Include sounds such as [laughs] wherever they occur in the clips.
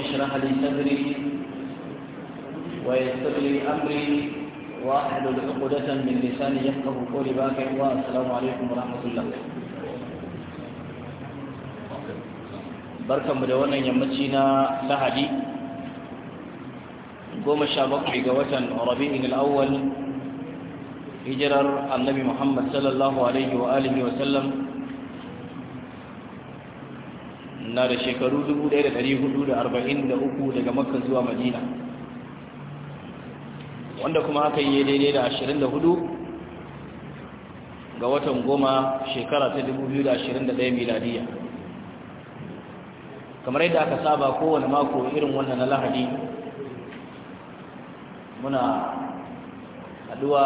رب اشرح لي صدري ويسر لي أمري وأحلل عقدة من لساني يفقه قولي باكر والسلام عليكم ورحمة الله barkan mu da wannan yammaci na lahadi goma sha bakwai ga watan rabi'in al'awwal hijirar annabi muhammad sallallahu alaihi wa alihi wa sallam na da shekaru 1443 daga makka zuwa madina wanda kuma aka yi daidai da 24 ga watan goma shekara ta 2021 miladiya kamar yadda aka saba kowane mako irin wannan na lahadi muna haduwa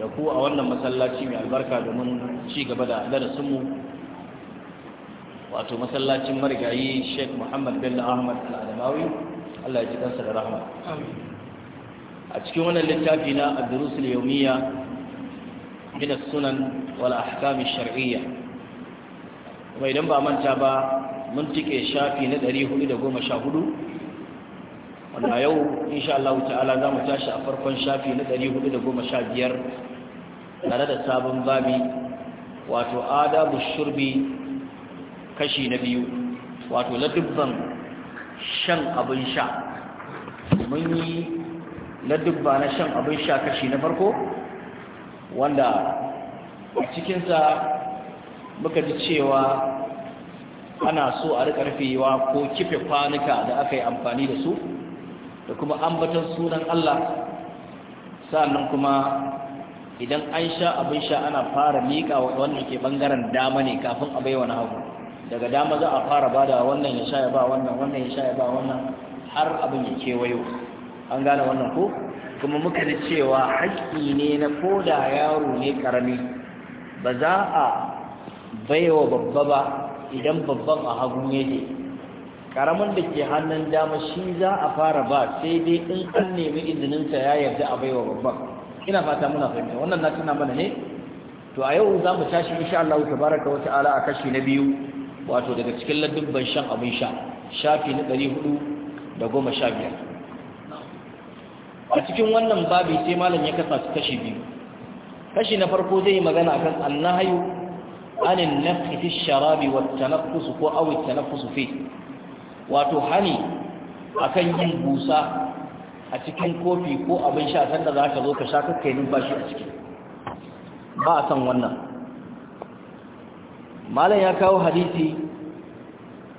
da ku a wannan masallaci mai albarka domin ci gaba da darasinmu wato masallacin marigayi sheikh muhammad bello ahmad al'adamawi allah ya da rahama a cikin wannan littafi na addurusul yaumiya min sunan wala ahkam shar'iyya kuma idan ba manta ba mun tike shafi na 414 wanda yau insha Allah ta'ala za mu tashi a farkon shafi na 415 tare da sabon babi wato adabu shurbi kashi na biyu wato ladubban shan abin sha mun yi ladubba na shan abin sha kashi na farko wanda cikinsa muka ji cewa ana so a rika rufewa ko kife kwanuka da aka yi amfani da su da kuma ambatan sunan Allah sannan kuma idan an sha abin sha ana fara miƙa wanda ke bangaren dama ne kafin a wani hagu daga dama za a fara bada wannan ya sha ya ba wannan wannan ya sha ya ba wannan har abin ya kewayo an gane wannan ko kuma muka ji cewa haƙƙi ne na ko da yaro ne ƙarami. ba za a baiwa babba ba idan babban a hagu ne ƙaramin da ke hannun dama shi za a fara ba sai dai in an nemi izininsa ya yarda a baiwa babban ina fata muna fahimta wannan na tuna mana ne to a yau za mu tashi insha Allah tabaraka wa ta'ala a kashi na biyu wato daga cikin ladubban shan abin sha shafi na ɗari hudu da goma sha biyar a cikin wannan babi sai malam ya kasa su kashi biyu kashi na farko zai yi magana a kan annahayu anin na fi sharabi wa tanaffusu ko awi tanaffusu fi wato hani a kan yin busa a cikin kofi ko abin sha sanda za ka zo ka sha kakkainin bashi a ciki ba a san wannan malam ya kawo hadisi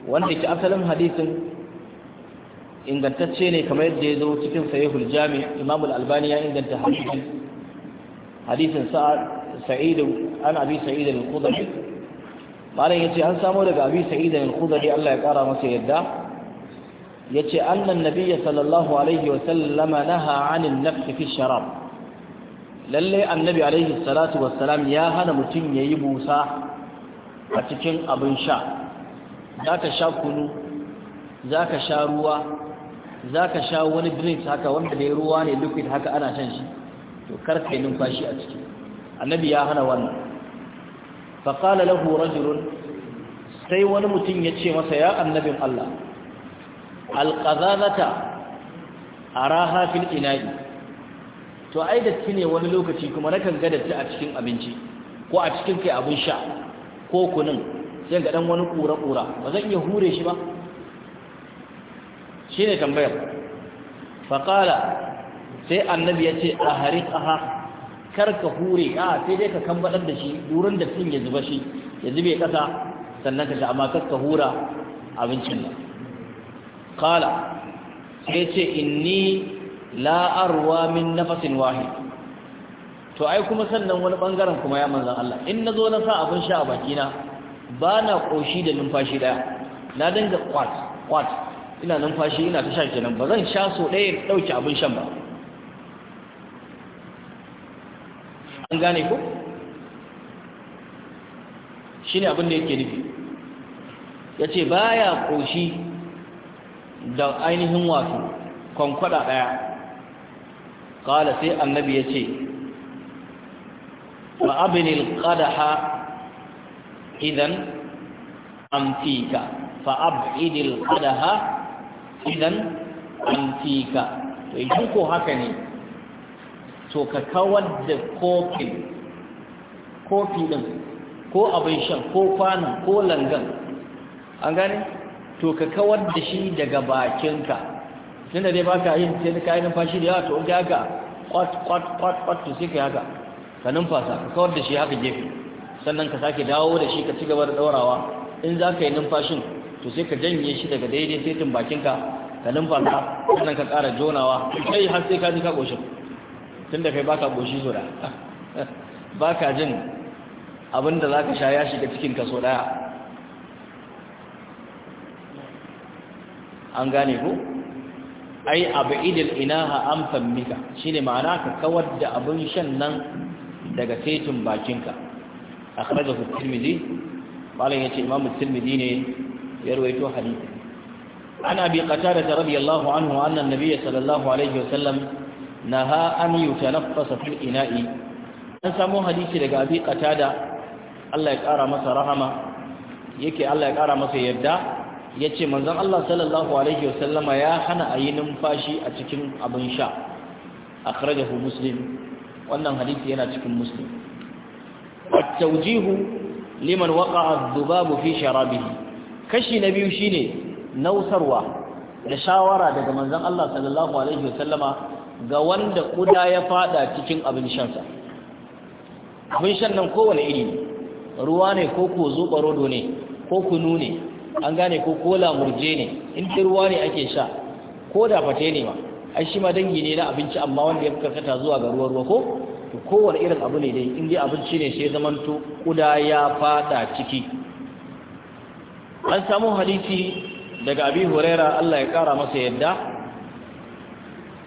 wanda ke asalin hadisin ingantacce ne kamar yadda ya zo cikin sahihul jami imam al-albani ya inganta hadisin hadisin sa'id an abi sa'id al-khudri malam yace an samo daga abi sa'id al-khudri Allah ya kara masa yadda yace annan nabiy sallallahu alaihi wa sallama naha 'anil nafs fi sharab lalle annabi alaihi salatu wassalam ya hana mutum yayi busa a cikin abin sha za ka sha kunu za ka sha ruwa za ka sha wani drink haka wanda ne ruwa ne liquid haka ana shan shi to karka yi numfashi a ciki annabi ya hana wannan qala lahu rajul sai wani mutum ya ce masa ya annabin Allah alqazanata a raha fil ina'i to ai datti ne wani lokaci kuma nakan ga datti a cikin abinci ko a cikin kai abin sha ko kunun sai ga dan wani kura-kura ba zan iya hure shi ba shi ne tambayar faƙala sai annabi ya ce a hari aha kar ka hure a ah, sai dai ka kambaɗar da shi durin da sun ya zuba shi ya zube ƙasa sannan ka sha amma kar ka hura abincin nan ƙala sai ce inni la'arwa min nafasin wahid to ai kuma sannan wani bangaren kuma ya manzan Allah in na zo na sa abin sha a bakina ba na koshi da numfashi daya na dinga kwat kwat ina numfashi ina ta sha kenan ba zan sha so ɗaya ɗauki abin shan ba an gane ko shi ne abin da yake nufi ya ce ba ya koshi da ainihin wato kwankwada ɗaya ƙala sai annabi ya ce فأبن القدح إذا أنفيك فأبعد القدح إذا أنفيك idan ko haka ne to ka kawar da kofin kofi ɗin ko abin shan ko kwanan ko langan an gane to ka kawar da shi daga bakinka tunda dai baka yin sai ka yi numfashi da yawa to in ka haka kwat kwat kwat kwat to sai ka haka ka numfasa ka kawar da shi haka gefe sannan ka sake dawo da shi ka ci gaba da daurawa in za ka yi numfashin to sai ka janye shi daga daidai setin bakinka ka numfasa sannan ka ƙara jonawa kai har sai ka ji ka ƙoshin tun da kai baka ƙoshi so ɗaya [laughs] baka jin abin da za ka sha ya shiga cikin ka so ɗaya an gane ku ai abu idil inaha an fammika shine ma'ana ka kawar da abin shan nan daga saitin bakinka A kare akhrajahu at-tirmidhi ya ce, imamu at-tirmidhi ne ya rawaito hadisi an abi qatada radiyallahu anhu anna an-nabiy sallallahu alaihi wasallam ha an yi wuta yutanaffasa fil ina'i an samu hadisi daga abi qatada Allah ya ƙara masa rahama yake Allah ya ƙara masa yadda ya ce manzon Allah sallallahu alaihi wasallama ya hana a yi numfashi a cikin abin sha a kare akhrajahu muslim wannan hadisi yana cikin muslim at-tawjihu liman waqa'a adh-dhubabu fi sharabihi kashi na biyu shine nausarwa da shawara daga manzon Allah sallallahu alaihi wasallama ga wanda kuda ya fada cikin abin shan sa abin shan nan kowane iri ruwa ne ko ko zubarodo ne ko kunu ne an gane ko kola murje ne in ruwa ne ake sha ko da fate ne ma ai shi ma dangi ne na abinci amma wanda ya karkata zuwa ga ruwa ruwa ko to kowane irin abu ne dai in dai abinci ne sai zamanto kuda ya fada ciki an samu hadisi daga abi huraira Allah ya kara masa yadda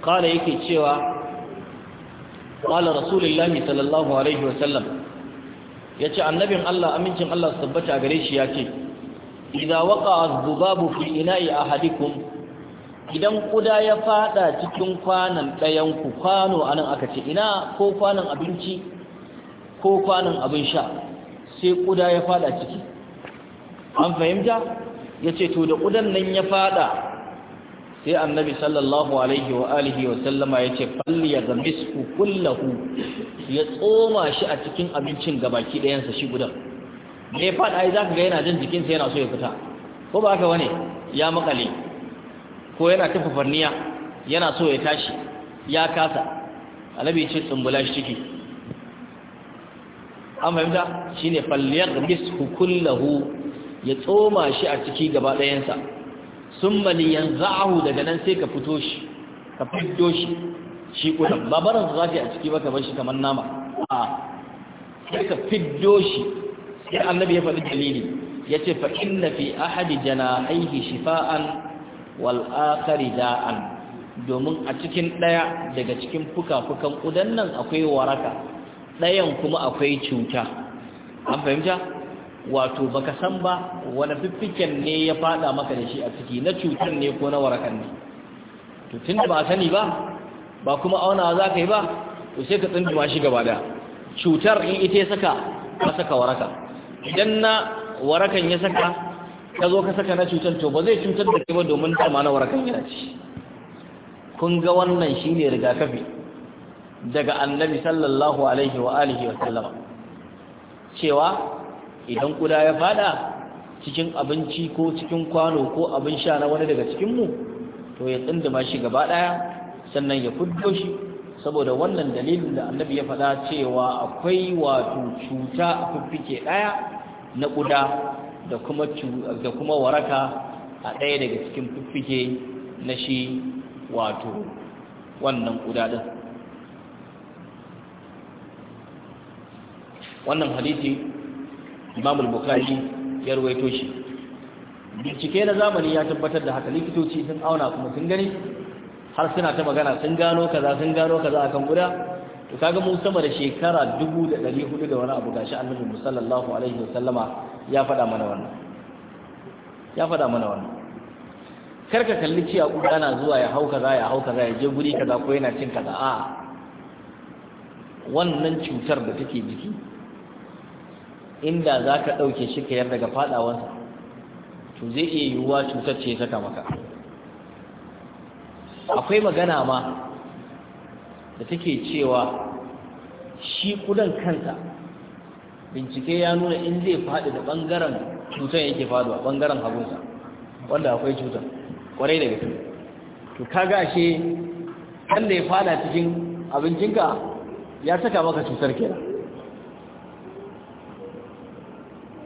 kala yake cewa qala rasulullahi sallallahu alaihi wasallam yace annabin Allah amincin Allah tabbata gare shi yace idza waqa'a dhubabu fi ina'i ahadikum idan kuda ya fada cikin kwanan ɗayan ku kwano anan aka ce ina ko kwanan abinci ko kwanan abin sha sai kuda ya fada ciki an fahimta ya ce to da kudan nan ya fada sai annabi sallallahu alaihi wa alihi wa sallama ya ce falli ya ku kullahu ya tsoma shi a cikin abincin gabaki ɗayansa shi gudan me ya fada ai za ga yana jin jikinsa yana so ya fita ko ba haka wani ya makale ko yana ta fafarniya yana so ya tashi ya kasa annabi ce tsumbula shi ciki an fahimta shine falliyar misku kullahu ya tsoma shi a ciki gaba ɗayansa sun maliyan za'ahu daga nan sai ka fito shi ka fito shi shi kudan babaran za ta a ciki ba ka bar shi kamar nama a sai ka fito shi sai annabi ya faɗi dalili ya ce fa'in na fi ahadi jana aiki shifa'an wal'akari da'an domin a cikin ɗaya daga cikin fuka-fukan ƙudan nan akwai waraka ɗayan kuma akwai cuta an fahimta wato baka san ba wani fiffiken ne ya fada maka da shi a ciki na cutar ne ko na warakan ne to tun da ba sani ba ba kuma auna za ka yi ba to sai ka tsinduma shi gaba da cutar in ita ya saka ka saka waraka idan na warakan ya saka ka zo ka saka na cutar to ba zai cutar da ke ba domin dama na warakan yana ci kun ga wannan shi shine rigakafi daga annabi sallallahu alaihi wa alihi wa sallama cewa idan kuda ya fada cikin abinci ko cikin kwano ko abin sha na wani daga cikin mu to ya tsindima shi gaba ɗaya sannan ya fuddo shi saboda wannan dalilin da annabi ya faɗa cewa akwai wato cuta a fiffike ɗaya na ƙuda da kuma da kuma waraka a ɗaya daga cikin fiffike na shi wato wannan kudaden. wannan hadisi Imam al-Bukhari ya rawaito shi bincike na zamani ya tabbatar da haka likitoci sun auna kuma sun gani har suna ta magana sun gano kaza sun gano kaza akan guda to kaga mu sama da shekara 1400 da wani abu gashi annabi sallallahu alaihi wasallama ya faɗa mana wannan ya faɗa mana wannan Kar ka kalli ciya kuda na zuwa ya hau kaza ya hau kaza ya je guri kaza ko yana cin kaza a wannan cutar da take jiki inda za ka ɗauke shi ka yar daga faɗawansa to zai iya yiwuwa cutar ce ta maka akwai magana ma da take cewa shi kudan kansa bincike ya nuna in zai faɗi da ɓangaren cutar yake faɗuwa ɓangaren hagunsa wanda akwai cutar ƙwarai da gafi to ka gashe kan da ya faɗa cikin abincinka ya saka maka cutar kenan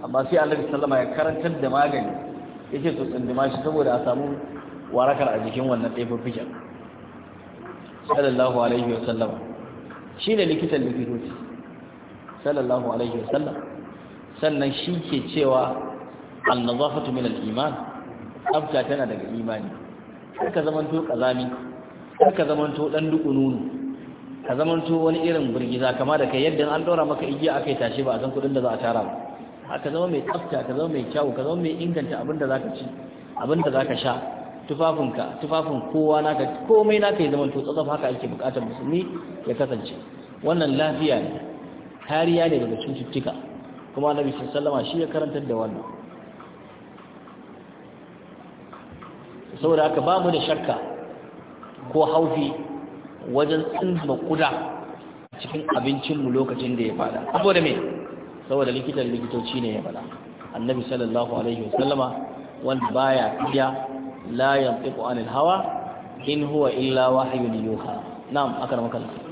amma sai Allah sallama ya karantar da magani ya ce to tsindima shi saboda a samu warakar a jikin wannan ɗaya fifikin sallallahu alaihi wa sallama ne likitan likitoci sallallahu alaihi wasallam sannan shi ke cewa annazafatu min al-iman tsafta tana daga imani kar ka zamanto kazami kar ka zamanto dan dukununu ka zamanto wani irin burgiza kama da kai yadda an dora maka igiya akai tashi ba a san kudin da za a tara ba haka zama mai tsafta ka zama mai kyau ka zama mai inganta abin da zaka ci abin da zaka sha tufafinka tufafin kowa naka komai naka ya zama to tsatsaf haka ake bukatar musulmi ya kasance wannan lafiya ne kariya ne daga cututtuka kuma annabi sallama shi ya karantar da wannan saboda haka ba mu da shakka ko haufi wajen tsindima kuda cikin abincinmu lokacin da ya fada saboda mai saboda likitan likitoci ne ya fada annabi sallallahu alaihi wasallama wanda baya iya la yantiqu anil hawa in huwa illa wahyun yuha na'am akramaka Allah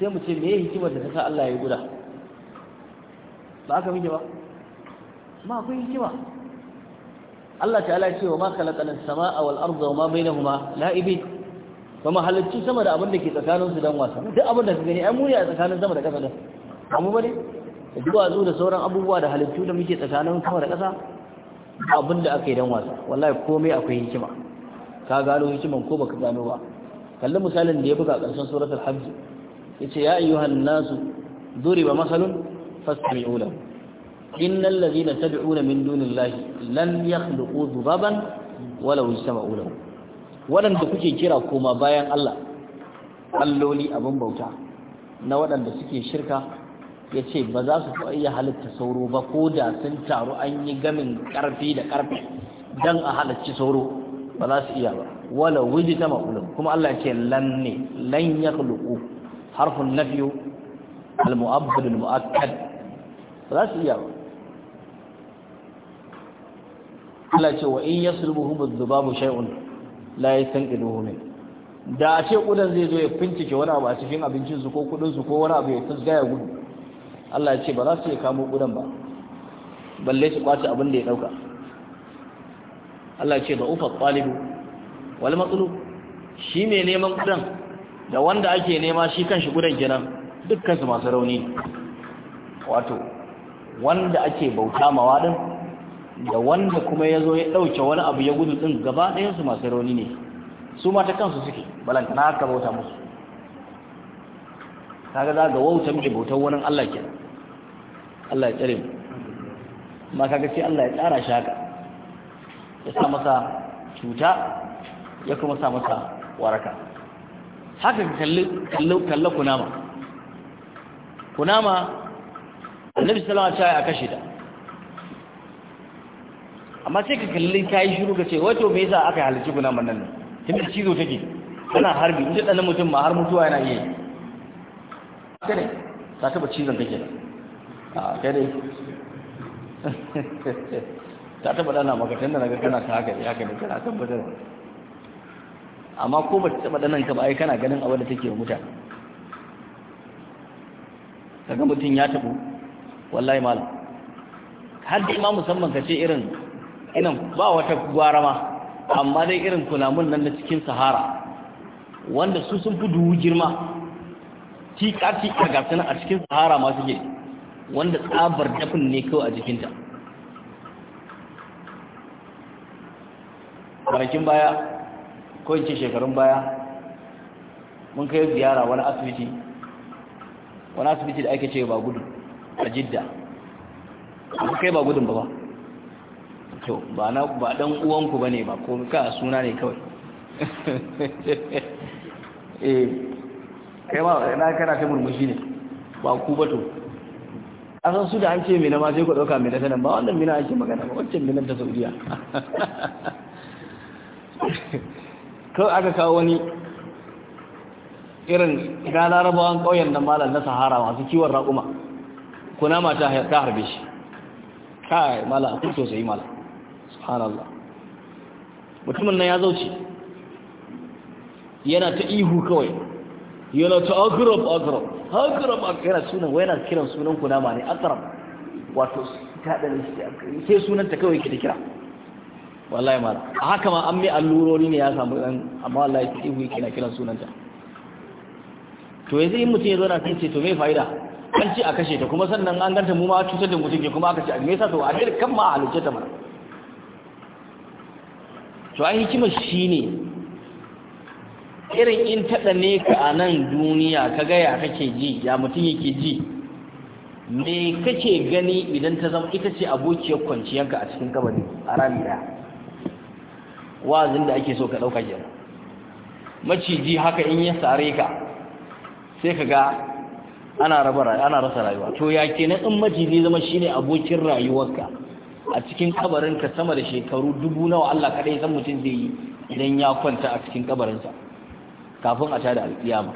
sai mu ce meye hikimar da ta sa Allah ya guda ba aka miki ba ma akwai hikima Allah ta'ala ya ce wa ma khalaqana sama a wal arda wa ma bainahuma la'ibin ba mu halarci sama da abin da ke tsakaninsu su dan wasa duk abin da ka gani ai muni a tsakanin sama da ƙasa din amma bane da duwatsu da sauran abubuwa da halittu da muke tsakanin sama da ƙasa abin da aka yi dan wasa wallahi komai akwai hikima ka gano hikiman ko baka gano ba kalli misalin da ya buga ƙarshen suratul hajj yace ya ayyuhan nasu duriba masalun fastami'u lahu innal ladhina tad'una min dunillahi lan yakhluqu dhubaban walau istama'u lahu wadanda kuke kira koma bayan Allah alloli abun bauta na waɗanda suke shirka ya ce ba za su iya halitta sauro ba ko da sun taru an yi gamin karfi da ƙarfi don a halarci sauro ba za su iya ba wala wuji ma'ulun kuma Allah ce lan ne lan ya harfin nafiyu al-mu'abbad al-mu'akkad za su iya Allah ce wa in yaslubuhum adh-dhubabu shay'un la yastanqiduhu da a ce kudan zai zo ya fincike wani abu a cikin abincin su ko kudin su ko wani abu ya tsaga ya gudu Allah ya ce ba za su iya kamo kudan ba balle su kwace abin da ya dauka Allah ya ce da ufa talibu wal matlub shi ne neman kudan da wanda ake nema shi kan shi gudan kenan dukkan su masu rauni wato wanda ake bauta mawa din da wanda kuma ya zo ya ɗauke wani abu ya gudu ɗin gaba ɗayansu masu rauni ne su mata kansu suke balanta na haka bauta musu kaga za ga wauta mai bautar wani Allah ke Allah ya tsare mu ma kaga sai Allah ya tsara shi haka ya sa masa cuta ya kuma sa masa waraka haka ka kalli kunama kunama annabi alaihi wasallam a kashe ta amma sai ka kalli kai yi shiru ka ce wato me yasa aka halarci kunaman nan ta mai cizo take tana harbi inda dan mutum ma har mutuwa yana iya yi haka ne ta taba cizon take da a kai dai [laughs] ta taba dana maka tunda naga kana ta haka ya kana tabbatar amma ko ba ta taɓa ɗanan ka ba ai kana ganin abin da take wa mutane kaga mutum ya tabo wallahi malam har da ma musamman ka ce irin ina ba wata gwara amma dai irin kunamun nan na cikin sahara wanda su sun fi duhu girma tiƙa tiƙa ga sanar a cikin sahara ma suke wanda tsabar dafin ne kawai a jikinta kwanakin baya ko in ce shekarun baya mun kai ziyara wani asibiti wani asibiti da ake ce ba gudu a jidda ba kai ba gudun ba ba to ba na ba dan uwanku ba ne ba ko ka suna ne kawai [laughs] eh kai ma na kana kai murmushi ne ba ku ba to asan su da an ce mina ma sai ku dauka mina sanan ba wannan mina ake magana ba wancan mina ta Saudiya [laughs] kawai aka kawo wani irin ga larabawan ƙauyen da malar na sahara masu kiwon raƙuma kuna mata ta harbe shi kai mala a kurto sai mala subhanallah mutumin nan ya zauce yana ta ihu kawai yana ta agrab agrab agrab yana sunan wai yana kiran sunan kuna ma ne agrab wato ta ɗan sai sunanta kawai ke ta kira wallahi mala a haka ma an mai allurori ne ya samu dan amma wallahi sai ihu kina kiran sunanta to yanzu in mutum ya zo na sai ce to me fa'ida an ce a kashe ta kuma sannan an ganta mu ma cutar da mutum ke kuma aka ce a me yasa to a dare kan ma a halicce ta mana to ai hikima shine irin in taɗa ne ka a nan duniya ka gaya kake ji ya mutum yake ji me kake gani idan ta zama ita ce abokiyar kwanciyarka a cikin kabari a rami daya wa'azin da ake so ka ɗauka kenan maciji haka in ya sare ka sai ka ga ana ana rasa rayuwa to ya ke kenan in maciji zama shine abokin rayuwarka a cikin kabarinka sama da shekaru dubu nawa Allah kaɗai san mutum zai yi idan ya kwanta a cikin kabarinsa kafin a tada alƙiyama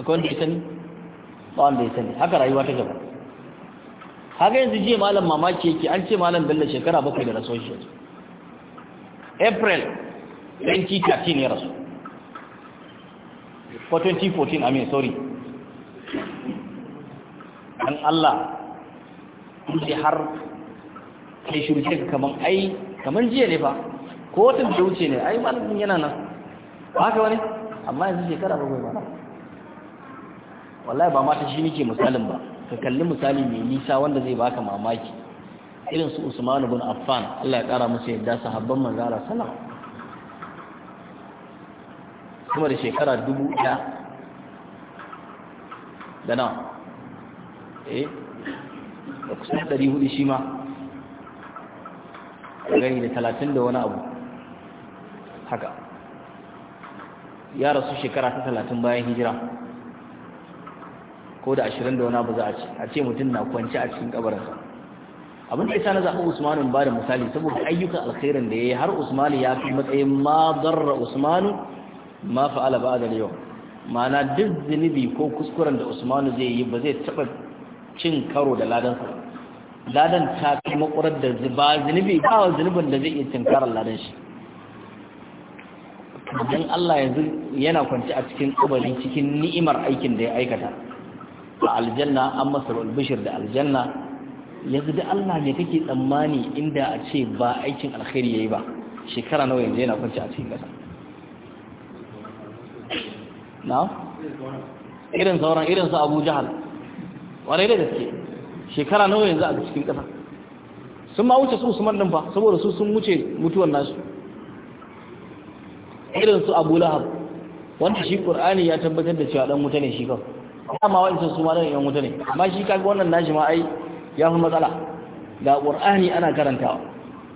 akwai wanda ya sani ba wanda ya sani haka rayuwa ta gaba haka yanzu jiya malam mamaki yake an ce malam bello shekara bakwai da rasuwar shi april 2013 ya rasu ko 2014 amin sorry an Allah kuɗi har kai shirke kamar ai kaman jiya ne ba ko watan da wuce ne ai malamin yana nan haka wani amma yanzu shekara bakwai ba wallahi ba mata shi nike misalin ba ka kalli misali mai nisa wanda zai baka mamaki irin su Usman ibn Affan Allah ya kara musu yadda sahabban manzo Allah sallallahu alaihi wasallam kuma da shekara dubu ɗaya da na eh da kusan ɗari hudu shi ma gani da talatin da wani abu haka ya rasu shekara ta talatin bayan hijira ko da ashirin da wani abu za a ci a ce mutum na kwanci a cikin kabarinsa abin da ya na zaɓi usmanu ba da misali saboda ayyukan alkhairin da ya yi har usmanu ya fi matsayin ma darra usmanu ma fa'ala ba da yau ma'ana duk zunubi ko kuskuren da usmanu zai yi ba zai taɓa cin karo da ladan sa ladan ta kai makwarar da ba zunubi ba zunubin da zai iya cin karar ladan shi don Allah yanzu yana kwanci a cikin kubari cikin ni'imar aikin da ya aikata a aljanna an masa albishir da aljanna yanzu da Allah ne kake tsammani inda a ce ba aikin alkhairi yayi ba shekara nawa yanzu yana kwanci a cikin kasa na irin sauran irin su Abu Jahal wani da gaske shekara nawa yanzu a cikin kasa sun ma wuce su Usman din fa saboda su sun wuce mutuwar nasu irin su Abu Lahab wanda shi Qur'ani ya tabbatar da cewa dan wuta ne shi kawai amma wancan su ma nan yan wuta ne amma shi kaga wannan nashi ma ai ya fi matsala ga qur'ani ana karantawa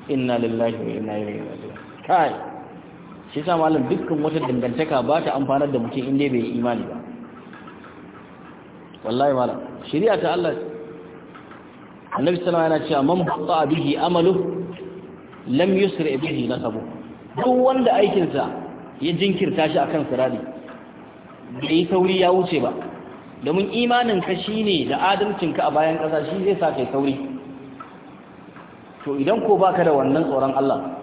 inna lillahi wa inna ilaihi raji'un kai shi sa malam dukkan wata dangantaka ba ta amfanar da mutum inda bai imani ba wallahi malam shari'a ta Allah annabi sallallahu alaihi wasallam yana cewa man baqa bihi amalu lam yusri bihi nasabu duk wanda aikinsa ya jinkirta shi akan sirari bai sauri ya wuce ba domin imanin ka ne da adalcinka a bayan ƙasa shi zai sa kai sauri to idan ko baka da wannan tsoron Allah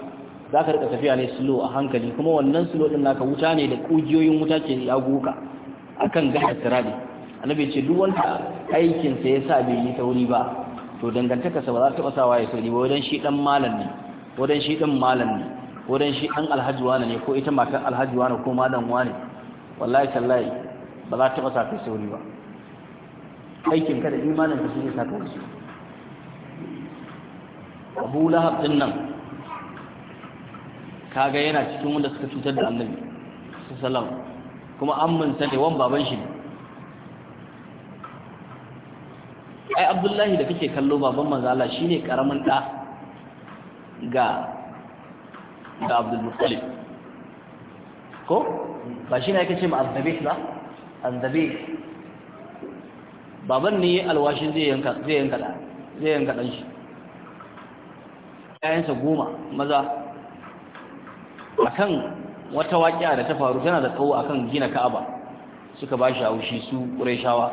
za ka rika tafiya ne slow a hankali kuma wannan slow ɗin naka wuta ne da ƙugiyoyin wuta ke ya guka akan gahar sirabi annabi ce duk wanda aikinsa ya sa bai yi sauri ba to dangantaka sa ba za ta taba sawa ya sauri ba wajen shi dan malam ne wajen shi dan malam ne wajen shi dan alhaji wani ne ko ita matar alhaji wani ko malam wani wallahi sallahi ba za ta ba sa kai sauri ba aikin ka da imanin ka shine saka wasu Abu Lahab din nan kaga yana cikin wanda suka cutar da Annabi sallallahu kuma amman mun sani wan baban shi ne ai Abdullahi da kake kallo baban manzo Allah shine karamin da ga ga Abdul Muttalib ko ba shi ne yake ce ma Abdul Muttalib and baban ne alwashin zai yanka zai yanka da zai yanka dan shi ayansa goma maza akan wata waƙiya da ta faru tana da kawo akan gina Ka'aba suka bashi haushi su Qurayshawa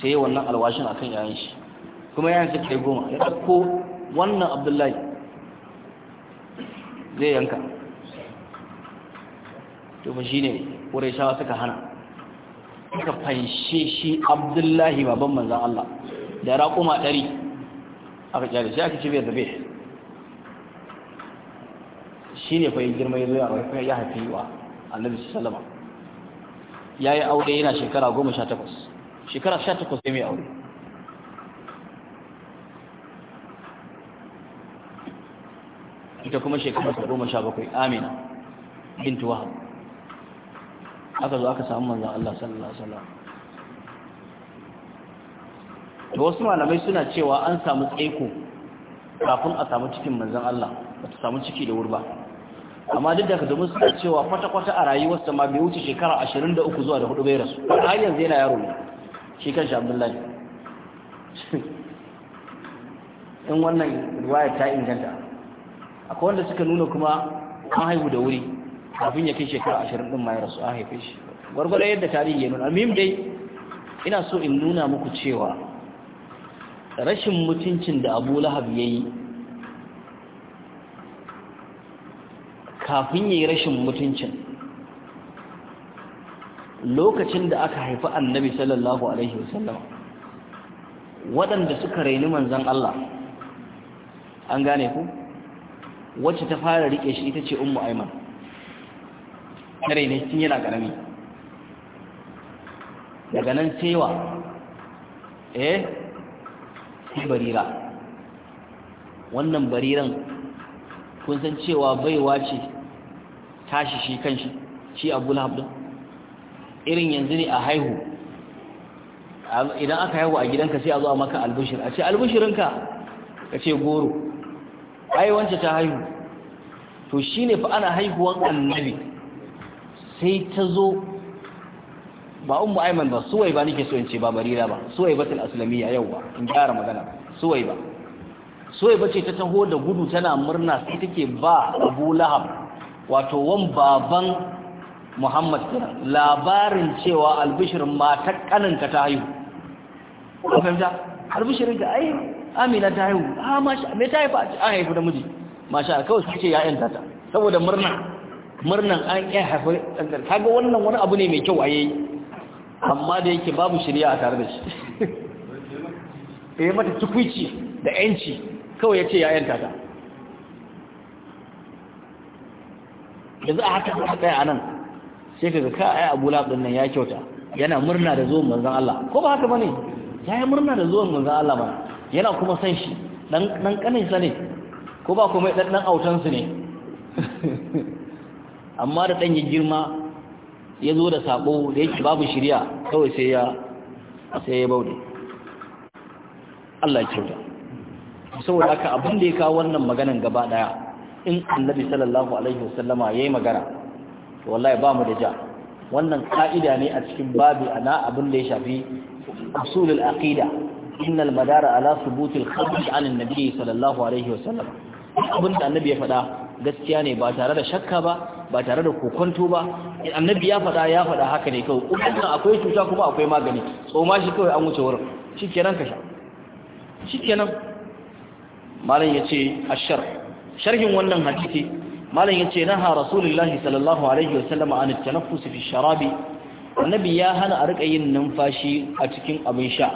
sai wannan alwashin akan yayin shi kuma yayin sa kai goma ya dauko wannan Abdullahi zai yanka to ba shine Qurayshawa suka hana suka fanshe shi abdullahi baban manzan Allah da raƙuma ɗari aka kyale shi ci biyar da zabe shi ne fahimtar girma ya zoya wani rafi ya haifi wa annabi salama ya yi aure yana shekara goma sha takwas shekara sha takwas ya mai aure ita kuma shekara goma sha bakwai amina bintu wahab aka zo aka samu manzan Allah sallallahu alaihi Da wasu malamai suna cewa an samu tsaiko kafin a samu cikin manzan Allah ba ta samu ciki da wurba amma duk da domin suna cewa kwata-kwata a rayuwarsa ma bai wuce shekara ashirin da uku zuwa da hudu bai rasu har yanzu yana yaro ne shi kan shi in wannan ruwayar ta inganta akwai wanda suka nuna kuma an haihu da wuri kafin ya kai shekara ashirin ɗin ma ya rasu an haife shi gwargwado yadda tarihi ya nuna amim dai ina so in nuna muku cewa rashin mutuncin da abu lahab ya yi kafin ya yi rashin mutuncin lokacin da aka haifi annabi sallallahu alaihi wasallam waɗanda suka raini manzan Allah an gane ku wacce ta fara riƙe shi ita ce ummu aiman kare ne tun yana ƙarami. daga nan cewa eh sai barira wannan bariran kun san cewa baiwa ce tashi shi kanshi shi abu lahabdun irin yanzu ne a haihu idan aka haihu a gidanka sai a zuwa maka albushir a ce albushirinka ka ce goro ayi wance ta haihu to shi ne fa ana haihuwan annabi sai ta zo ba umu aiman ba suwai ba nake so in ce ba barira ba suwai batul yau ba in gyara magana suwai ba suwai bace ta taho da gudu tana murna sai take ba Abu Lahab wato wan baban Muhammad labarin cewa albishir matar kaninka ta haihu ko fahimta albishirin ka ai Amina ta haihu ah masha me ta haifa a haifu da miji masha kawai sai ce ya'yan ta saboda murna murnan an ƙi haifar ɗanɗan kaga wannan wani abu ne mai kyau a yayi amma da yake babu shirya a tare da shi [laughs] ya mata tukwici da yanci kawai ya ce ya yanta ta za a haka a tsaya a nan sai ka zaka a yi abu laɗin nan ya kyauta yana murna da zuwan manzan Allah ko ba haka ba ne ya yi murna da zuwan manzan Allah ba yana kuma san shi ɗan ƙaninsa ne ko ba kuma ɗan autansu ne [laughs] amma da ɗan ya girma ya zo da saƙo da yake babu shirya kawai sai ya sai ya bauɗe Allah kyauta saboda haka abin da ya kawo wannan maganan gaba ɗaya in annabi sallallahu alaihi wasallama yayi magana to wallahi ba mu da ja wannan ka'ida ne a cikin babu ana abin da ya shafi usulul aqida innal madara ala thubutil khabar an annabi sallallahu alaihi wasallam abin da annabi ya faɗa gaskiya ne ba tare da shakka ba ba tare da kokonto ba annabi ya faɗa ya faɗa haka ne kawai kuma akwai cuta kuma akwai magani tsoma shi kawai an wuce wurin shikenan ka sha shikenan malam yace ashar sharhin wannan hadisi malam yace ha rasulullahi sallallahu alaihi wasallam an tanaffus fi sharabi annabi ya hana a rika yin numfashi a cikin abin sha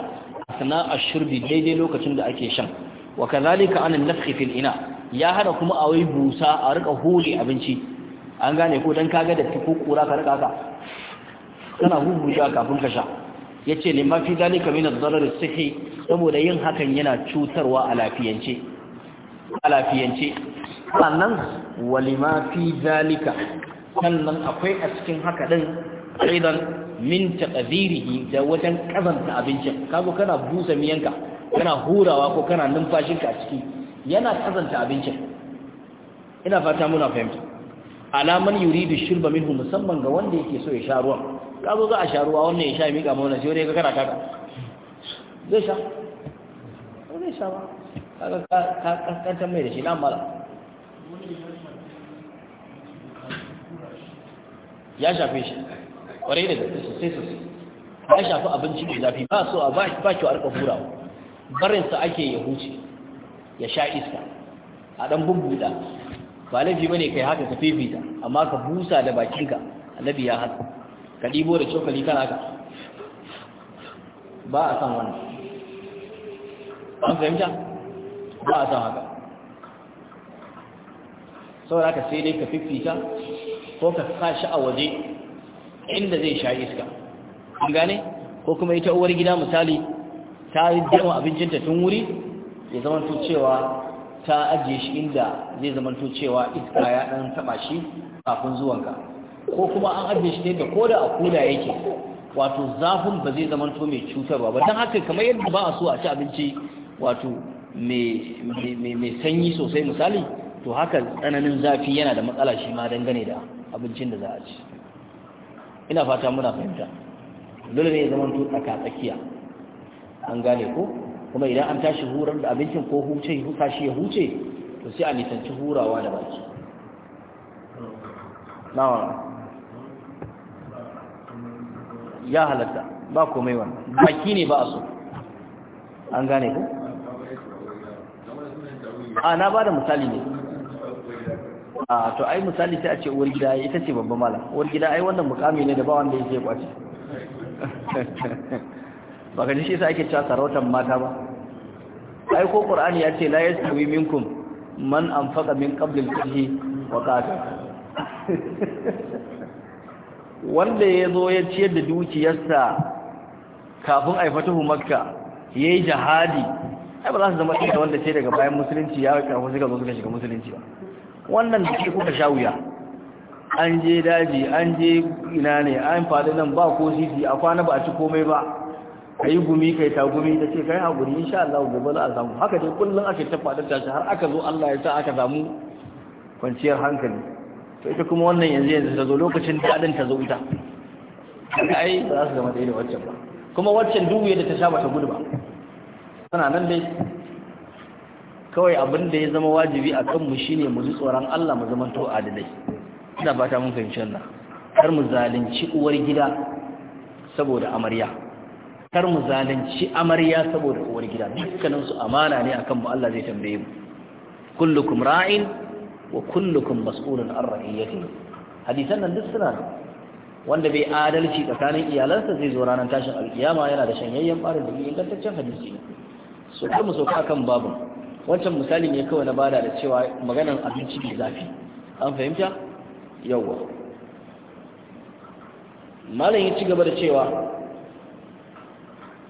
sana'a shurbi daidai lokacin da ake shan wa kazalika an an fil ina ya hana kuma a wai busa a rika hule abinci an gane ko dan kaga da ko kura ka rika ka kana huhuje kafin ka sha yace ne fi zalika min ad sihi saboda yin hakan yana cutarwa a lafiyance a lafiyance sannan walima fi zalika sannan akwai a cikin haka din aidan min taqdirihi da wajen kazanta abincin kago kana busa miyanka kana hurawa ko kana numfashinka a ciki yana kazanta abincin ina fata muna fahimta alaman yuridu shurba minhu musamman ga wanda yake so ya sha ruwan ka zo za a sha ruwa wannan ya sha mika ma wannan sai wani ya kana kaka zai sha zai sha ba kaga ka kankantar mai da shi na mala ya shafe shi kwarai da sai sosai sosai ya shafi abinci mai zafi ba so a ba ki a rika hurawa barinsa ake ya huce ya sha iska a dan bubbuda ba laifi bane kai haka ka fifita amma ka busa da bakinka annabi ya haka ka dibo da cokali kana haka ba a san wannan an fahimta ba a san haka saboda ka sai dai ka fifita ko ka sa shi a waje inda zai sha iska an gane ko kuma ita uwar gida misali ta yi dama abincinta tun wuri ya zamanto cewa ta ajiye shi inda zai zamanto cewa iska ya dan taba shi kafin zuwanka ko kuma an ajiye shi ne da da a koda yake wato zafin ba zai zamanto mai cutarwa ba don haka kamar yadda ba a so a ci abinci wato mai sanyi sosai misali to haka tsananin zafi yana da matsala shi ma dangane da abincin da za a ci ina fata muna fahimta dole ne ya zamanto tsaka tsakiya an gane ko kuma idan an tashi hurar da abincin ko huce huka shi ya huce to sai a nisanci hurawa da baki nawa ya halatta ba komai wannan baki ne ba a so an gane ku a na ba da misali ne a to ai misali ta ce uwar gida ita ce babban mala uwar gida ai wannan mukami ne da ba wanda yake kwace [laughs] ba ka ji shi sa ake cewa sarautar mata ba ai ko qur'ani ya ce la yastawi minkum man anfaqa min qabl al-fath wa qata wanda yazo ya ciyar da dukiyarsa kafin ai fatahu makka yayi jihadi ai ba za su zama ɗaya wanda ce daga bayan musulunci ya kafa suka zo suka shiga musulunci ba wannan da ke kuka sha wuya an je daji an je ina ne an faɗi nan ba ko sisi a kwana ba a ci komai ba ka yi gumi kai ta gumi ta ce kai haƙuri insha Allah gobe za a samu haka dai kullum ake ta faɗa ta har aka zo Allah ya sa aka samu kwanciyar hankali to ita kuma wannan yanzu yanzu ta zo lokacin da adan ta zo ita ai ba za su zama da waccan ba kuma waccan duwuye da ta sha ba ta gudu ba tana nan dai kawai abin da ya zama wajibi a kanmu shine mu ji tsoron Allah mu zama to adalai ina fata mun fahimci wannan kar mu zalunci uwar gida saboda amarya kar mu zalunci amarya saboda uwar gida dukkanin su amana ne akan mu Allah zai tambaye mu kullukum ra'in wa kullukum mas'ulun an ra'iyatihi hadisan nan duk suna wanda bai adalci tsakanin iyalansa zai zo ranar tashin alkiyama yana da shanyayyen barin da ingantaccen hadisi ne so kar mu sauka kan babu wancan misali ne kawai na bada da cewa maganar abinci mai zafi an fahimta yawwa malam ya ci gaba da cewa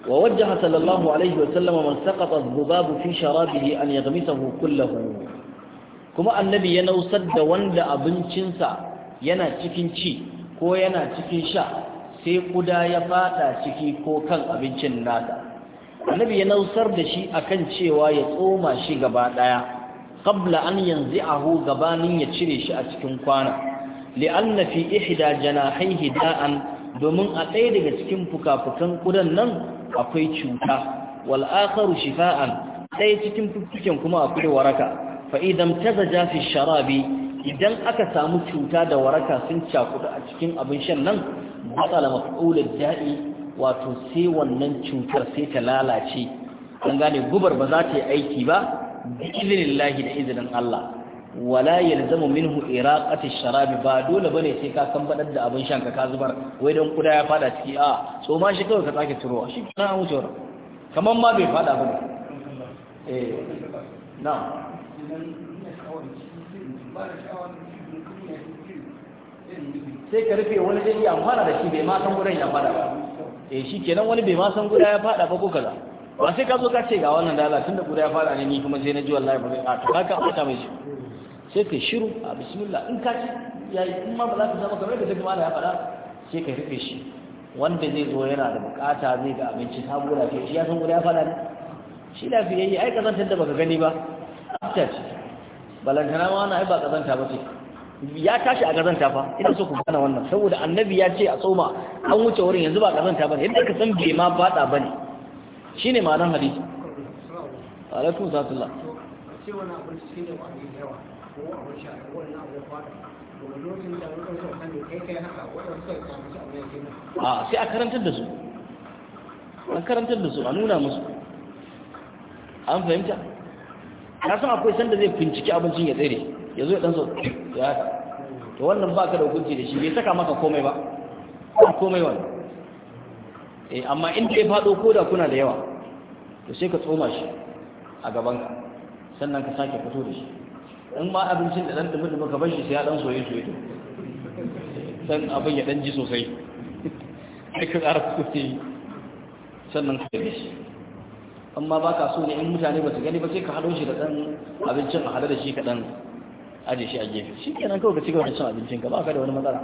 ووجه صلى الله عليه وسلم من سقط الذباب في شرابه أن يغمسه كله كما النبي ينوصد وند أبنشنسا ينا cikin ci كو ينا cikin شا sai ƙuda ya faɗa ciki ko kan abincin nada annabi ya nausar da shi kan cewa ya tsoma shi gaba daya qabla an yanzi'ahu gabanin ya cire shi a cikin kwana li'anna ihda janahihi an. domin a ɗaya daga cikin fukafukan ƙudan nan akwai cuta wal akharu shifa'an ɗaya cikin fuffuken kuma akwai waraka fa idan tazaja fi sharabi idan aka samu cuta da waraka sun cakuɗa a cikin abin shan nan matsala maf'ulul da'i wato sai wannan cutar sai ta lalace an gane gubar ba za ta yi aiki ba bi izinin da izinin Allah wala yalzamu minhu iraqati sharabi ba dole bane sai ka san badar da abin shan ka ka zubar wai dan kuda ya fada ciki a so ma shi kawai ka tsake turo shi kana an wuce kaman ma bai fada ba eh na sai ka rufe wani dai ya amfana da shi bai ma san gudan ya fada ba eh shi kenan wani bai ma san guda ya fada ba ko kaza ba sai ka zo ka ce ga wannan dala tunda guda ya fada ne ni kuma sai na ji wallahi ba zai a to ka ka mai shi sai ka shiru a bismillah in ka ci yayi in ma ba za ka zama kamar da kuma mala ya faɗa sai ka rufe shi wanda zai zo yana da bukata zai ga abinci gura ke shi ya san gura ya faɗa ne shi lafiyayye ai kazantar da baka gani ba tsafta ce balantana ma wani ai ba kazanta ba ce ya tashi a kazanta fa ina so ku gana wannan saboda annabi ya ce a tsoma an wuce wurin yanzu ba kazanta ba ne yadda ka san bai ma bada ba ne ne ma'anar hadisi alaikum sallallahu alaihi wasallam ko sai a karantar da su an karantar da su a nuna musu an fahimta Ya san akwai sanda zai binciki abincin ya tsere ya zo ya ɗan ya ya to wannan ba ka da hukunci da shi bai saka maka komai ba ba komai wani eh amma in ya faɗo ko da kuna da yawa to sai ka tsoma shi a gabanka sannan ka sake fito da shi in ma abincin da ɗan dumi dumi ka bashi sai ya dan soye soye Ɗan abin ya ɗan ji sosai sai ka ƙara kuɗi sannan ka yi shi amma ba ka so ne in mutane ba su gani ba sai ka haɗo shi da ɗan abincin a haɗa da shi kaɗan aje shi a gefe shi kenan kawai ka ci gaba da cin abincin ka ba ka da wani matsala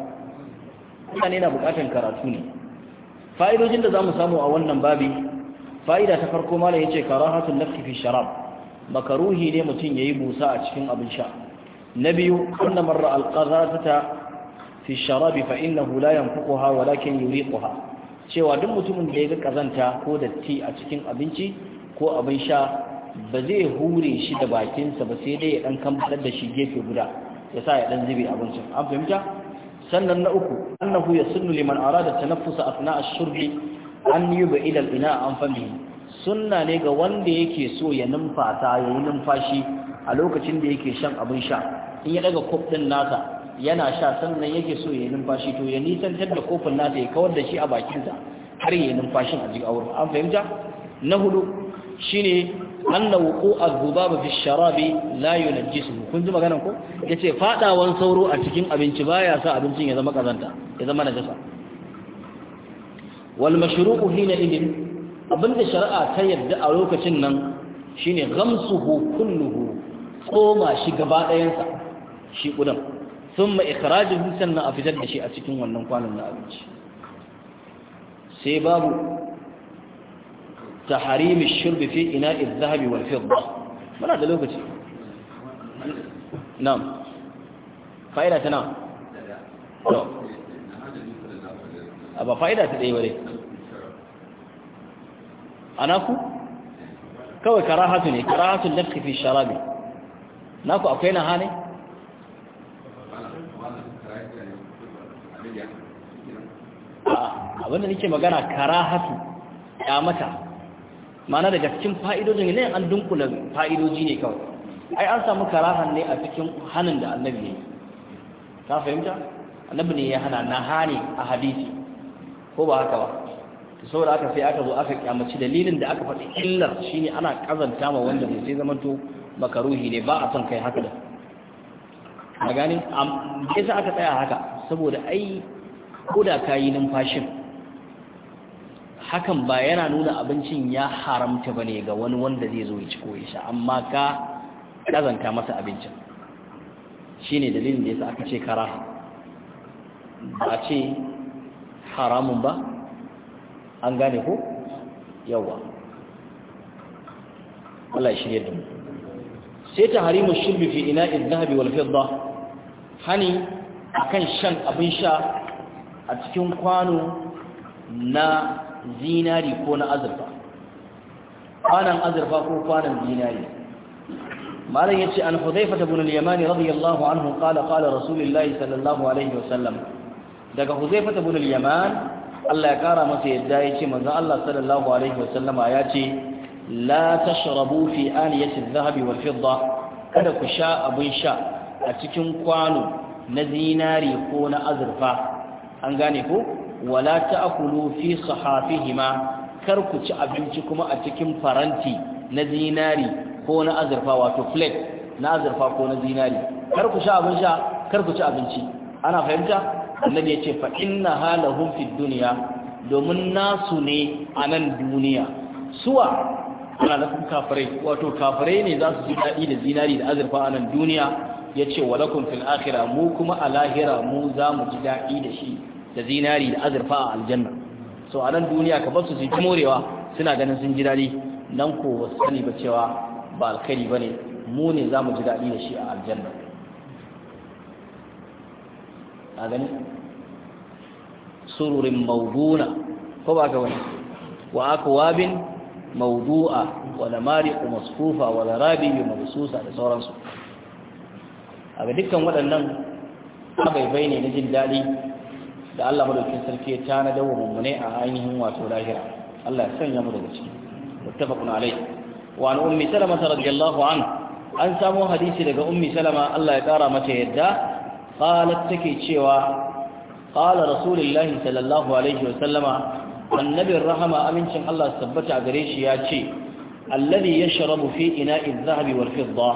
mutane na buƙatar karatu ne fa'idojin da za mu samu a wannan babi fa'ida ta farko malam ya ce karahatun nafsi fi sharab makaruhi ne mutum ya yi busa a cikin abin sha na biyu kunna marra alqazata fi sharabi fa innahu la yanfuquha walakin yuriquha cewa duk mutumin da ya ga kazanta ko datti a cikin abinci ko abin sha ba zai hure shi da bakinsa ba sai dai ya ɗan kamfanar da shi gefe guda ya sa ya ɗan zube abincin an fahimta sannan na uku annahu yasunnu liman arada tanaffusa asna'a ash-shurbi an yub'ida idon ina an famihi sunna ne ga wanda yake so ya numfasa ya yi numfashi a lokacin da yake shan abin sha in ya daga kof din nasa yana sha sannan yake so ya yi numfashi to ya nisantar da kofin nasa ya kawar da shi a bakinsa har ya yi numfashin a jikin wurin an fahimta na hudu shine anna wuqu'u az-zubab fi sharabi la yunajjisuhu kun ji maganan ko yace fadawan sauro a cikin abinci baya sa abincin ya zama kazanta ya zama najasa wal mashruqu hina idin abinda shari'a ta yarda a lokacin nan shine ghamsuhu kulluhu koma shi gaba ɗayansa shi kudan thumma ikhrajuhu sannan a fitar da shi a cikin wannan kwanan na abinci sai babu تحريم الشرب في Muna da lokaci. ما fa'ida لو بتي نعم فائدة نعم أبا فائدة تدعي وليه anaku kawai karahatu ne karahatu nafsi fi sharabi naku akwai na hane abinda nake magana karahatu ya mata mana daga cikin fa'idojin ne an dunkula fa'idoji ne kawai ai an samu karahan ne a cikin hannun da annabi ne ka fahimta annabi ne ya hana na hane a hadisi ko ba haka ba saboda aka sai aka zo aka kyamaci dalilin da aka faɗi illar shine ana kazanta ma wanda bai sai zamanto makaruhi ne ba a son kai haka da a gane yasa aka tsaya haka saboda ai ko da ka yi numfashin hakan ba yana nuna abincin ya haramta ba ne ga wani wanda zai zo ya ci koyi amma ka kazanta masa abincin shine dalilin da ya sa aka ce kara ba a ce haramun ba an gane ko yawa Allah shirye da mu sai ta harimu shirbi fi ina idhabi wal fidda hani akan shan abin sha a cikin kwano na zinari ko na azurfa kwanan azurfa ko kwanan zinari malam yace an hudhaifa ibn al-yaman radiyallahu anhu qala qala rasulullahi sallallahu alaihi wasallam daga hudhaifa ibn al-yaman Allah ya kara masa yadda ya ce manzon Allah sallallahu alaihi wasallama ya ce la tashrabu fi aniyati adh-dhahabi fidda kada ku sha abin sha a cikin kwano na zinari ko na azurfa an gane ko wala ta'kulu fi sahafihima kar ku ci abinci kuma a cikin faranti na zinari ko na azurfa wato plate na azurfa ko na zinari kar ku sha abin sha kar ku ci abinci ana fahimta annabi ya ce fa inna halahum fid dunya domin nasu ne a nan duniya suwa ana da kafirai wato kafirai ne za su ji daɗi da zinari da azurfa a nan duniya ya ce wa lakum fil akhira mu kuma a lahira mu za mu ji daɗi da shi da zinari da azurfa a aljanna so a nan duniya ka basu su ji morewa suna ganin sun ji dadi nan ko sani ba cewa ba alkhairi bane mu ne za mu ji daɗi da shi a aljanna a gani sururin mawduna ko ba ka wani wa akwabin mawdu'a wa lamariqu masfufa wa larabi mabsusa da sauransu a ga dukkan waɗannan abaibai ne na jin daɗi da Allah madaukakin sarki ya tana da wa mummune a ainihin wato lahira Allah ya sanya mu daga ciki muttafaqun alayhi wa an ummi salama radiyallahu anha an samu hadisi daga ummi salama Allah ya kara mata yadda qalat take cewa qala rasulullahi sallallahu alaihi wasallama annabin rahama amincin Allah tabbata gare shi ya ce alladhi yashrabu fi ina adh-dhahabi wal fidda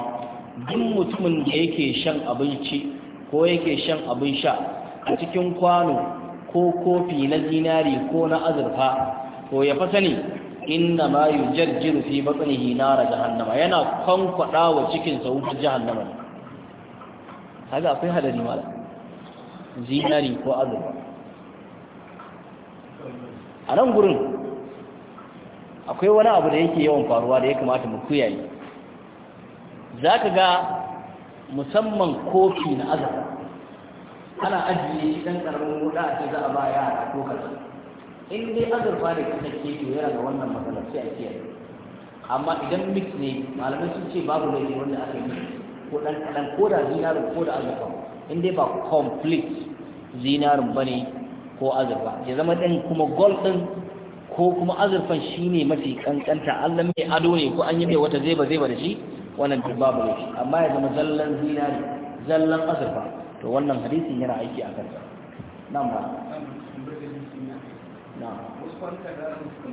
duk mutumin da yake shan abinci ko yake shan abin sha a cikin kwano ko kofi na zinari ko na azurfa ko ya fasa ne inna ma yujajjiru fi batnihi nar jahannama yana kwankwaɗawa wa cikin sa wutar jahannama kaga akwai hadari mala zinari ko azurfa a nan gurin akwai wani abu da yake yawan faruwa da ya kamata mu kuyaye za ka ga musamman kofi na azurfa ana ajiye shi ɗan ƙarfin wuɗa a ce za a ba yara ko in dai azurfa da kusa ke yana ga wannan matsalar sai a kiyaye amma idan mix ne malamai sun ce babu laifi wanda aka yi ko dan kadan ko da zinarin ko da azurfa in dai ba complete zinarin bane ko azurfa ya zama din kuma gold ko kuma azurfan shine mafi kankanta Allah mai ado ne ko an yi mai wata zeba zeba da shi wannan babu ne amma ya zama zallan zinari zallan azurfa to wannan hadisin yana aiki a kansa nan ba na wasu da kamar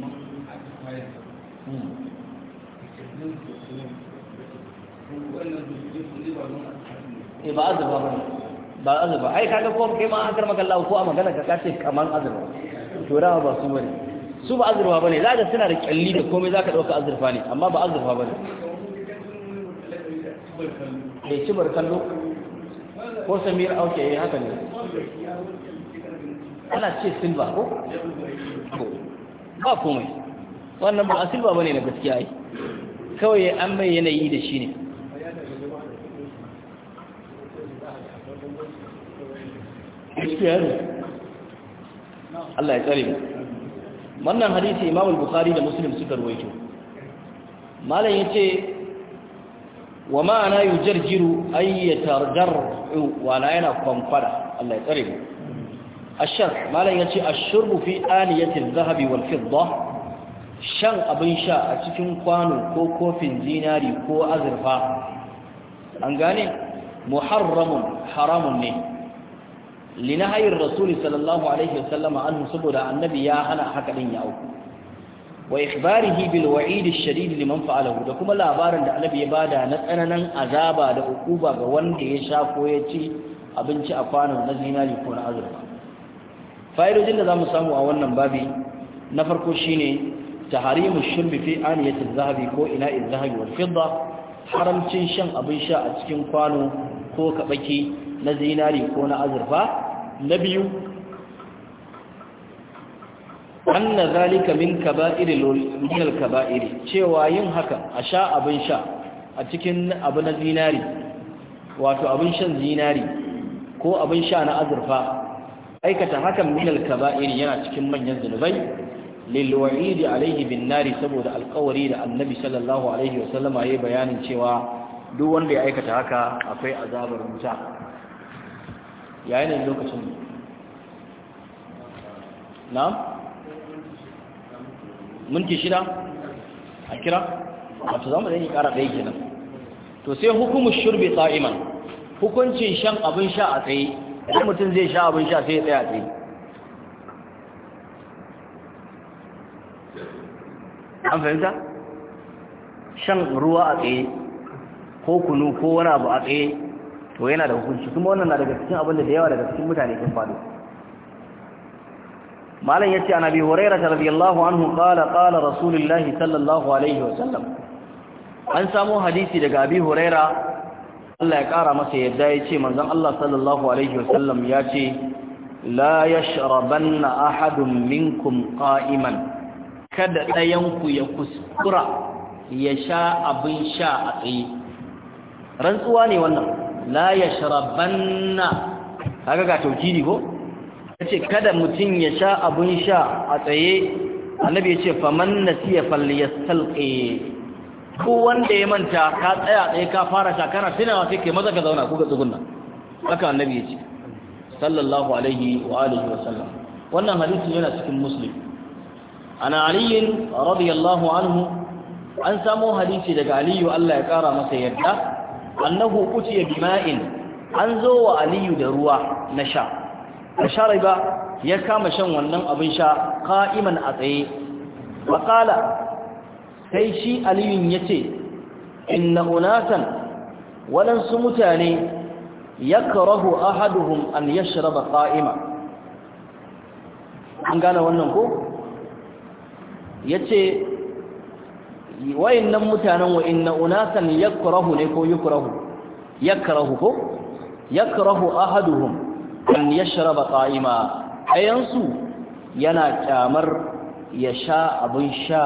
a hmm. cikin E ba azaba ba ba azaba ai kaga ko kai ma akar maka Allah ko a magana ka kace kaman azaba to rawa ba su bane su ba azurfa bane za ka suna da kyalli da komai za ka ɗauka azurfa ne amma ba azurfa bane da eh, cibar kallo ko samir auke eh, ya haka ne ana ce silba ko? ba komai wannan ba a silba bane na gaskiya ai kawai an mai yanayi da shi ne gaskiya Allah ya tsare wannan hadisi Imam al-Bukhari da Muslim suka ruwaito malam yace wa ma'ana yujarjiru ay yatarjaru wa la yana kwamfada Allah ya tsare ashar malam yace ashurbu fi aniyati adh wal-fidda shan abin sha a cikin kwano ko kofin zinari ko azurfa an gane muharramun haramun ne linahayin rasuli sallallahu alaihi wasallama saboda annabi ya hana haka din ya auku wa ikhbarihi bil wa'id ash-shadid liman fa'alahu da kuma labarin da annabi ya bada na tsananan azaba da ukuba ga wanda ya sha ko ya ci abinci a kwanon na zinari ko na azurfa fa'idojin da zamu samu a wannan babi na farko shine taharimu shurbi fi aniyati adh-dhahabi ko ina'i adh-dhahabi wal fidda haramcin shan abin sha a cikin kwano ko kabaki na zinari ko na azurfa na biyu anna zalika min kaba'iri min al-kaba'iri cewa yin haka a sha abin sha a cikin abu na zinari wato abin shan zinari ko abin sha na azurfa aikata hakan min al-kaba'iri yana cikin manyan zunubai lil wa'idi alaihi bin nari saboda alƙawari da annabi sallallahu alaihi wasallama yayi bayanin cewa duk wanda ya aikata haka akwai azabar wuta ya yanayin lokacin ne na? minti shida a kira wato zama mu yi kara ɗaya kenan to sai hukumu shirbe sa'iman hukuncin shan abin sha a tsaye idan mutum zai sha abin sha sai ya tsaye a tsaye an fahimta shan ruwa a tsaye ko kunu ko wani abu a tsaye to yana da hukunci kuma wannan na daga cikin abin da da yawa daga cikin mutane sun faɗo malam yace an abi hurairah radiyallahu anhu qala qala rasulullahi sallallahu alaihi wa sallam an samu hadisi daga abi hurairah Allah ya kara masa yadda yace manzon Allah sallallahu alaihi wa sallam yace la yashrabanna ahadun minkum qa'iman kada dayan ya kuskura ya sha abin sha a tsaye rantsuwa ne wannan la yashrabanna kaga ga taukidi ko yace kada mutum ya sha abun sha a tsaye annabi yace faman nasiya falyastalqi ko wanda ya manta ka tsaya tsaye ka fara sha kana tunawa sai kai maza ka zauna ko ka tsugunna haka annabi yace sallallahu alaihi wa alihi wa sallam wannan hadisi yana cikin muslim ana ali radiyallahu anhu an samu hadisi daga aliyu Allah ya kara masa yadda. annahu utiya bima'in an zo wa aliyu da ruwa na sha da shariba ya kama shan wannan abin sha kaiman a tsaye wa sai shi aliyun yace inna unatan walan su mutane yakrahu ahaduhum an yashraba qa'ima an gane wannan ko yace wayannan mutanen wa inna unasan yakrahu ne ko yukrahu yakrahu ko yakrahu ahaduhum an yashraba qa'ima ayansu yana kyamar ya sha abin sha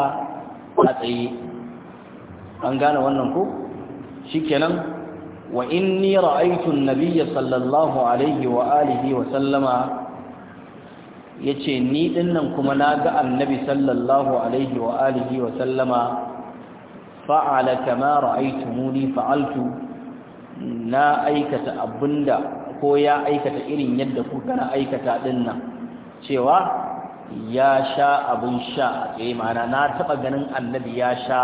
a tsaye an gane wannan ko shikenan wa inni ra'aytu an-nabiyya sallallahu alaihi wa alihi wa sallama yace ni dinnan kuma naga annabi sallallahu alaihi wa alihi wa sallama fa'ala kama muni fa'altu na aikata abinda ko ya aikata irin yadda kuka na aikata dinnan cewa ya sha abin sha a tsaye mana na taba ganin annabi ya sha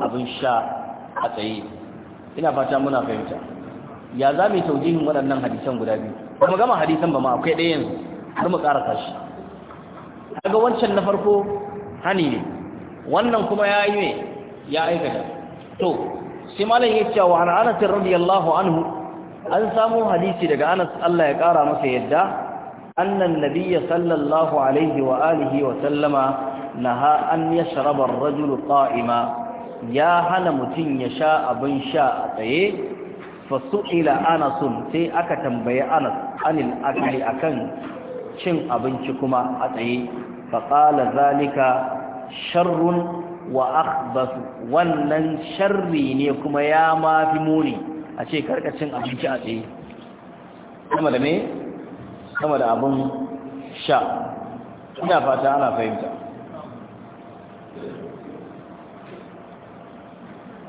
abin sha a tsaye ina fata muna fahimta ya za mu yi taujihin waɗannan hadisan guda biyu kuma gama hadisan ba ma akwai ɗaya yanzu har mu ƙara tashi daga wancan na farko hani ne wannan kuma ya yi ya aikata to sai malam ya ce wa an anas radiyallahu anhu an samu hadisi daga anas Allah ya kara masa yadda annan nabiyya sallallahu alaihi wa alihi wa sallama naha an yashraba ar-rajulu qa'ima ya hana mutum ya sha abin sha a tsaye fasu'ila anasun sai aka tambaye anas anil akali akan cin abinci kuma a tsaye faƙala zalika sharrun wa akhbas wannan sharri ne kuma ya ma fi muni a ce karkacin abinci a tsaye sama da me sama da abin sha ina fata ana fahimta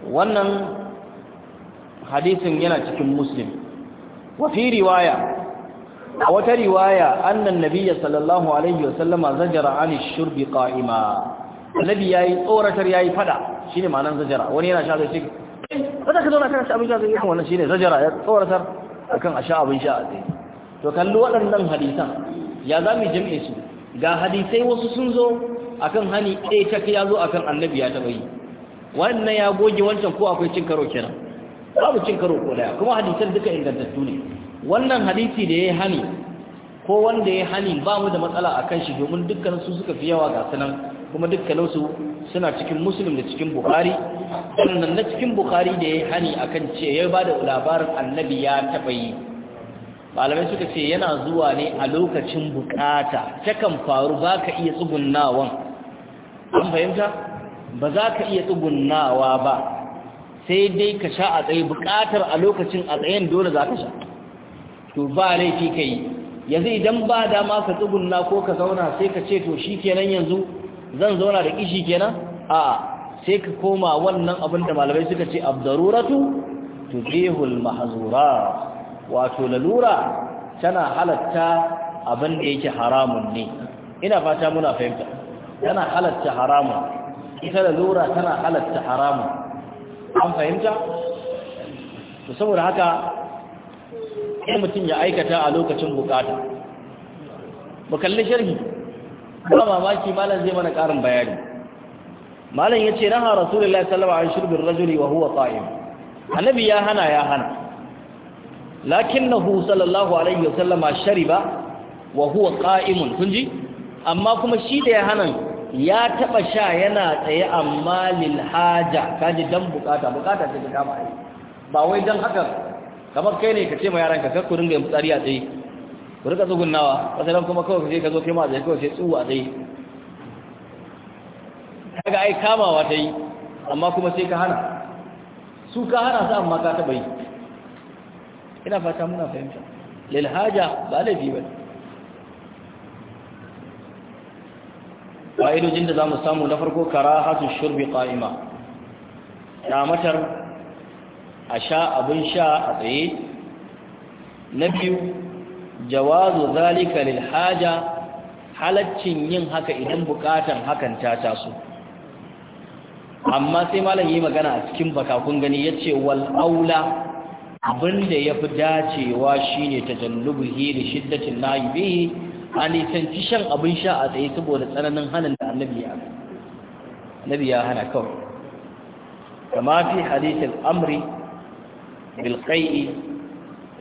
wannan hadisin yana cikin muslim Wafi riwaya a wata riwaya annan nabiyya sallallahu alaihi wasallama zajara an shurbi ƙa'ima. annabi yayi tsoratar yayi fada shine ma'anar zajara wani yana sha zai ba za ka zauna kana sha abin sha zai kan wannan shine zajara ya tsoratar akan a sha abin sha a tsaye to kalli waɗannan hadisan ya za mu jami'e su ga hadisai wasu sun zo akan hani ɗaya eh, ta ya zo akan annabi ya taɓa yi wannan ya goge wancan ko akwai cin karo kenan babu cin karo ko daya kuma hadisan duka ingantattu ne wannan hadisi da ya yi hani ko wanda ya hani ba mu da matsala a kan shi domin dukkan su suka fi yawa ga sanan kuma dukkaninsu suna cikin musulun da cikin bukhari sannan na cikin bukhari da ya hani akan ce ya ba da labarin annabi ya taɓa yi malamai suka ce yana zuwa ne a lokacin bukata takan faru ba ka iya tsugunnawan an fahimta ba za ka iya tsugunnawa ba sai dai ka sha a tsaye bukatar a lokacin a tsayen dole za ka sha to ba laifi ka yi yanzu idan ba dama ka tsugunna ko ka zauna sai ka ce to shi kenan yanzu zan zauna da kishi kenan a sai ka koma wannan abin da malamai suka ce abdaruratu tubihul mahzura wato lalura tana halatta abin da yake haramun ne ina fata muna fahimta tana halatta haramun ita lalura tana halatta haramun an fahimta to saboda haka in mutum ya aikata a lokacin bukata mu kalli sharhi kuma mamaki malam zai mana ƙarin bayani malam ya ce naha rasulullahi sallallahu alaihi wasallam an rajuli wa huwa qa'im annabi ya hana ya hana lakinnahu sallallahu alaihi wasallama shariba wa huwa qa'imun kunji ji amma kuma shi da ya hana ya taba sha yana tsaye amma lil haja kaji dan bukata bukata ce ta ba wai dan haka kamar kai ne ka ce ma yaranka kar ku ringa yin tsariya a tsaye ku rika tsugunnawa wata nan kuma kawai ka zo kai ma zai kawai sai tsuwa a tsaye kaga ai kamawa ta yi amma kuma sai ka hana su ka hana su amma ka taba yi ina fata muna fahimta lilhaja ba laifi ba fa'idojin da za mu samu na farko kara hasu shurbi ƙa'ima matar a sha abin sha a tsaye na biyu jawazu zalika lil haja halaccin yin haka idan bukatan hakan ta taso amma sai malam yi magana a cikin baka gani yace wal aula abinda yafi dacewa shine tajallubuhi da shiddatin nayi bihi an nisanci shan abin sha a tsaye saboda tsananin hanin da annabi ya annabi ya hana kawai kama fi hadith amri bil qai'i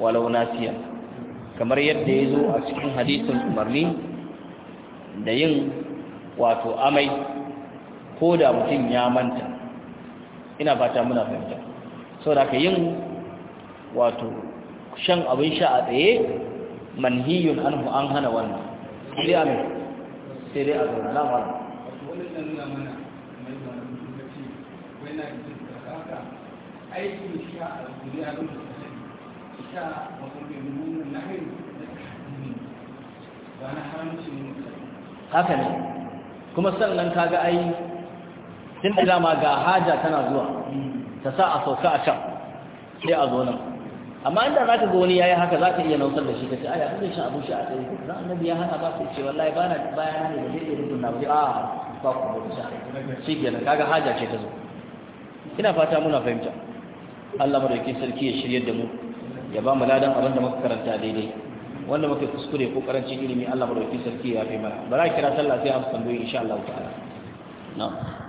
walau nasiyan kamar yadda ya zo a cikin hadisun umarni da yin wato amai ko da mutum ya manta ina fata muna fahimta sau da ka yin wato shan abin sha a tsaye manhiyun an an hana wannan sai dai amai sai dai a zaune na wani aikin sha a duniya haka ne kuma sannan kaga ai tun da dama ga haja tana zuwa ta sa a sauka a can sai a zo nan amma inda za ka ga wani yayi haka za ka iya nausar da shi ka ce ai an zai shan abin shi a tsaye za a nabi ya hana ba su ce wallahi ba na baya ne da zai iya rubun na wuri a ah, ba ku gudu sha shi kenan kaga haja ce ta zo ina fata muna fahimta Allah madaukakin sarki ya shiryar da mu ya ba mu ladan abin da muka karanta daidai wanda muka kuskure ko karancin ilimi Allah madaukakin sarki ya fi mana bara kira sallah sai an tambaye insha Allah ta'ala na'am